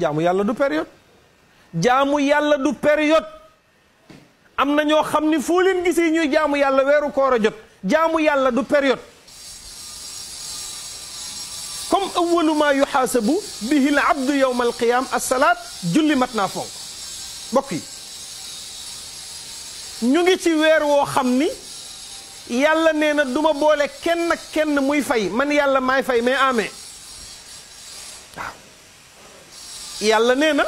jaamu yàlla du période jaamu yàlla du période am na ñoo xam ni foo leen gisee ñuy jaamu yàlla weeru koor a jot jaamu yàlla du période comme awalu ma yuxaasabu bihi l abdu yowma alqiyaam assalaat julli mat naa fonk mbokk yi ñu ngi ci weer woo xam ni yàlla nee na du ma boole kenn ak kenn muy fay man yàlla maay fay mais amee yàlla nee na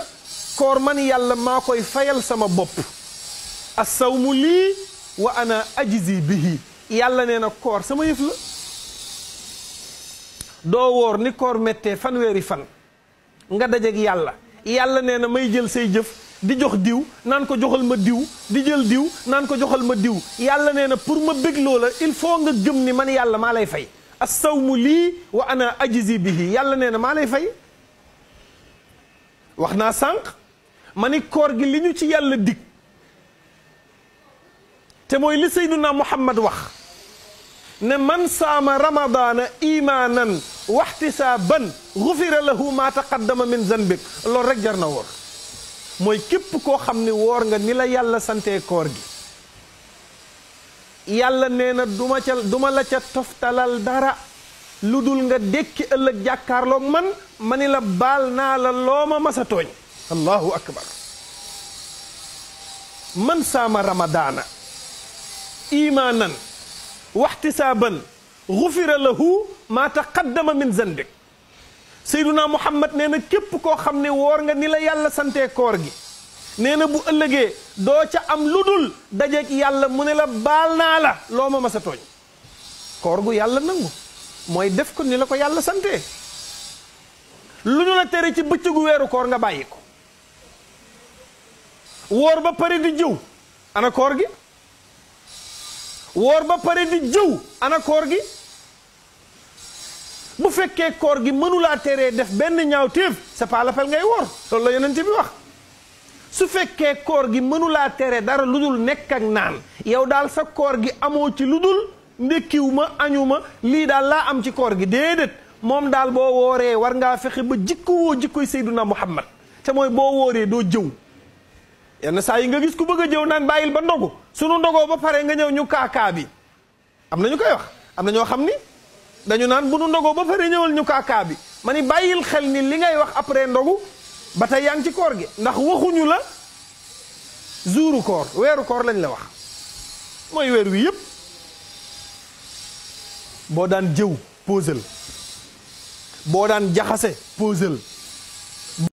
koor man yàlla maa fayal sama bop assawmu lii wa ana ajizi bihi yàlla nee na koor sama yëf la doo woor ni koor méttee fanweeri fan nga dajeg yàlla yàlla neena may jël say jëf di jox diw nan ko joxal ma diw di jël diw nan ko joxal ma diw yàlla neena pour ma begg lola il faut nga gëm ni man yàlla ma lay fay assawmu li wa ana ajizi bihi yàlla neena ma lay fay wax naa sànq ma ni koor gi li ñu ci yàlla dig te mooy li sayduna muhammad wax ne man saama ramadaana imaanan waxtisaaban gufira lahu ma taqaddama min zanbik loolu rek jar na woor mooy képp koo xam ne woor nga ni la yàlla santee koor gi yàlla nee na duma ca duma la ca toftalal dara lu dul nga dékki ëllëg jàkkaarloog man ma ni la baal naa la loo looma masa tooñ allahu akbar man saama ramadaana imaanan waxtisaaban gufira lahu maa taqaddama min zanbik seyduna muhammad nee na képp koo xam ne woor nga ni la yàlla santee koor gi nee na bu ëllëgee doo ca am lu dul dajeeg yàlla mu ne la baal naa la loo ma masa tooñ koor gu yàlla nangu mooy def ko ni la ko yàlla sante lu ñu la tere ci bëccëgu weeru koor nga bàyyi ko woor ba pare di jëw ana koor gi woor ba pare di jëw ana gi bu fekkee koor gi mënulaa tere def benn ñaaw téef c'est pas la ngay woor loolu la yonent bi wax su fekkee koor gi mënulaa tere dara lu dul nekk ak naan yow daal sa koor gi amoo ci lu dul ndékkiw ma añu ma lii daal laa am ci koor gi déedéet moom daal boo wooree war ngaa fexe ba jikkowoo jikkoy Seyduna Muhammad te mooy boo wooree doo jëw yenn saa yi nga gis ku bëgg a jëw naan bàyyil ba ndogu sunu ndogoo ba pare nga ñëw ñu kaakaa bi am na ñu koy wax am na ñoo xam ni dañu naan bu nu ndogoo ba pare ñëwal ñu kaakaa bi ma ni bàyyil xel ni li ngay wax après ndogu ba tey yaa ci koor gi ndax waxuñu la zuuru koor weeru koor lañ la wax mooy weer yëpp boo daan jëw posel boo daan jaxase posel